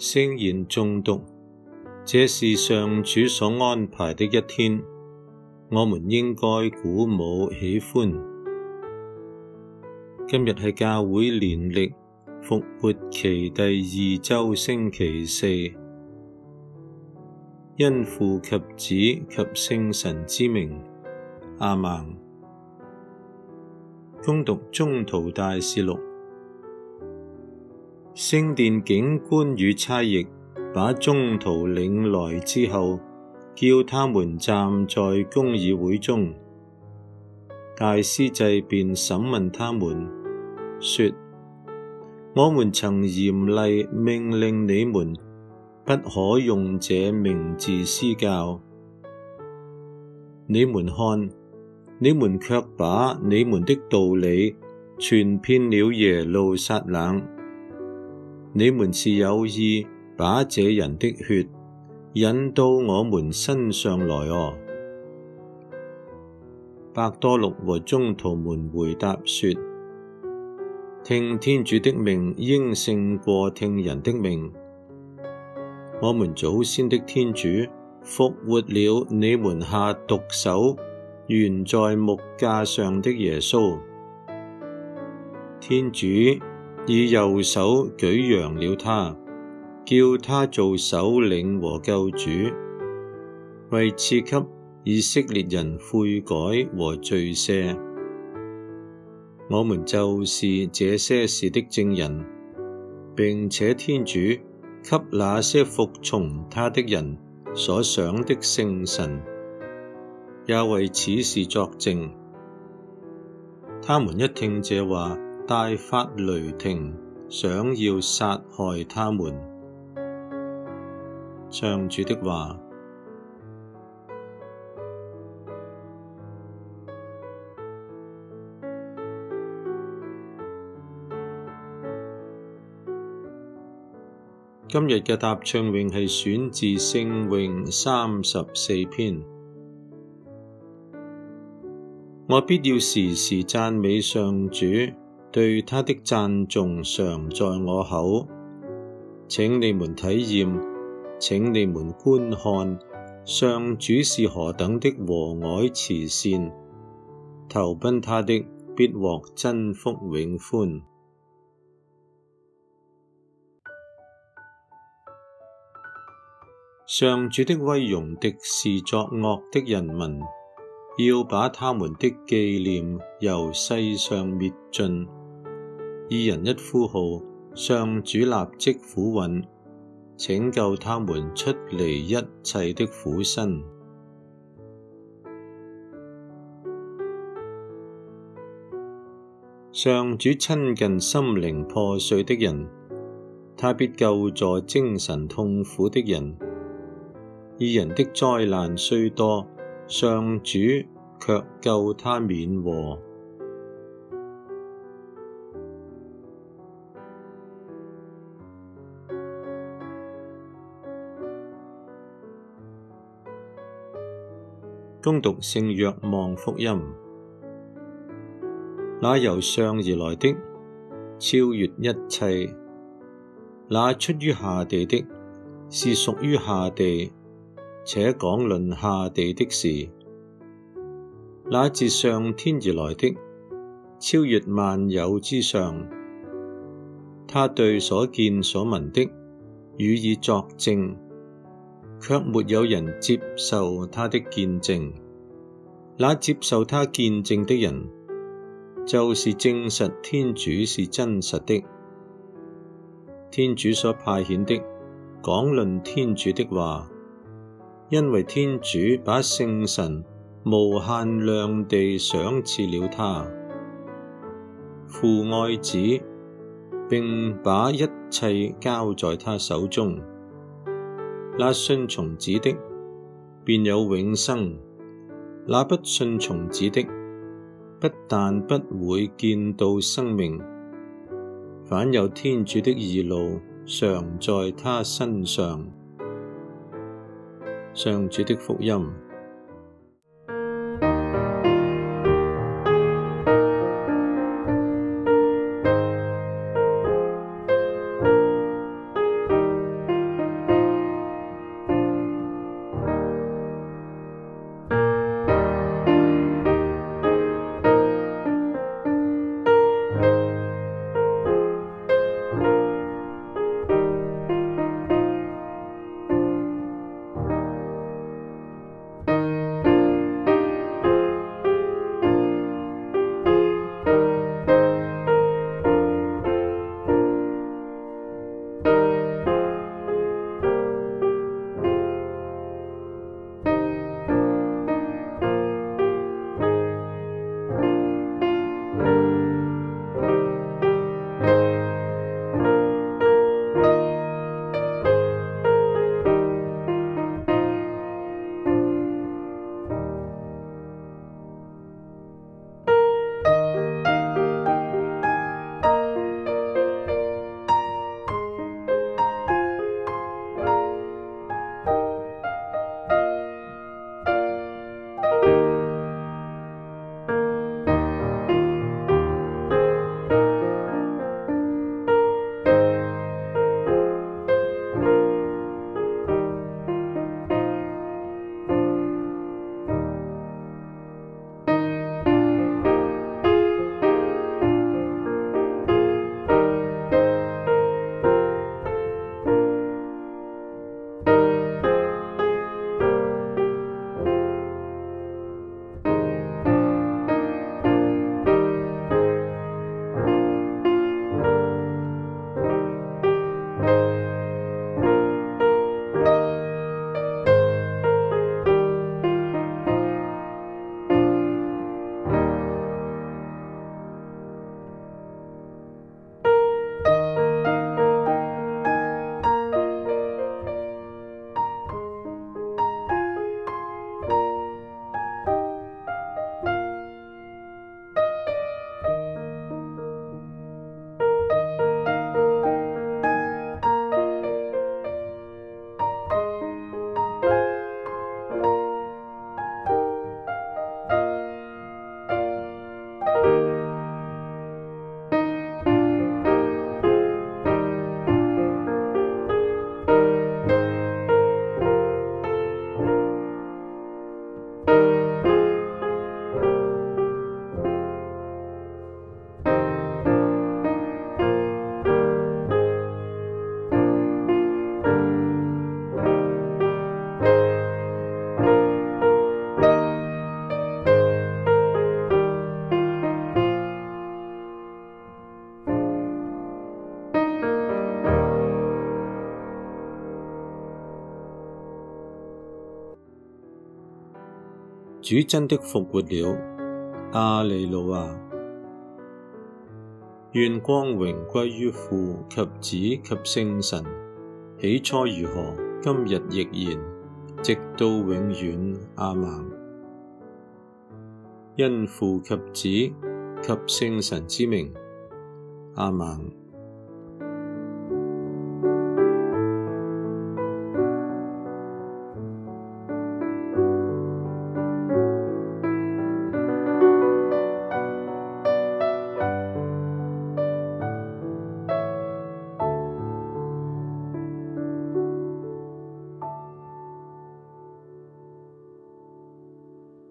聖言誦讀，這是上主所安排的一天，我們應該鼓舞喜歡。今日係教會年曆復活期第二周星期四，因父及子及聖神之名，阿門。恭讀宗徒大事錄。聖殿警官與差役把宗徒領來之後，叫他們站在公議會中。大司祭便審問他們，說：我們曾嚴厲命令你們，不可用這名字施教。你們看，你們卻把你們的道理傳遍了耶路撒冷。你們是有意把這人的血引到我們身上來哦。伯多祿和宗徒們回答說：聽天主的命，應勝過聽人的命。我們祖先的天主復活了你們下毒手懸在木架上的耶穌，天主。以右手舉揚了他，叫他做首領和救主，為賜給以色列人悔改和罪赦。我們就是這些事的證人，並且天主給那些服從他的人所賞的聖神，也為此事作證。他們一聽這話。大發雷霆，想要殺害他們。上主的話：今日嘅答唱詠係選自聖詠三十四篇，我必要時時讚美上主。對他的讚頌常在我口，請你們體驗，請你們觀看，上主是何等的和藹慈善，投奔他的必獲真福永歡。上主的威容敵視作惡的人民，要把他們的紀念由世上滅盡。義人一呼號，上主立即俯允，拯救他們出離一切的苦辛。上主親近心靈破碎的人，他必救助精神痛苦的人。義人的災難雖多，上主卻救他免禍。恭讀聖若望福音，那由上而來的超越一切，那出於下地的，是屬於下地，且講論下地的事；那自上天而來的，超越萬有之上，他對所見所聞的予以作證。卻沒有人接受他的見證，那接受他見證的人，就是證實天主是真實的。天主所派遣的，講論天主的話，因為天主把聖神無限量地賞賜了他，父愛子，並把一切交在他手中。那信從子的，便有永生；那不信從子的，不但不會見到生命，反有天主的義怒常在他身上。上主的福音。主真的復活了，阿利路亞、啊！願光榮歸於父及子及聖神，起初如何，今日亦然，直到永遠，阿門。因父及子及聖神之名，阿門。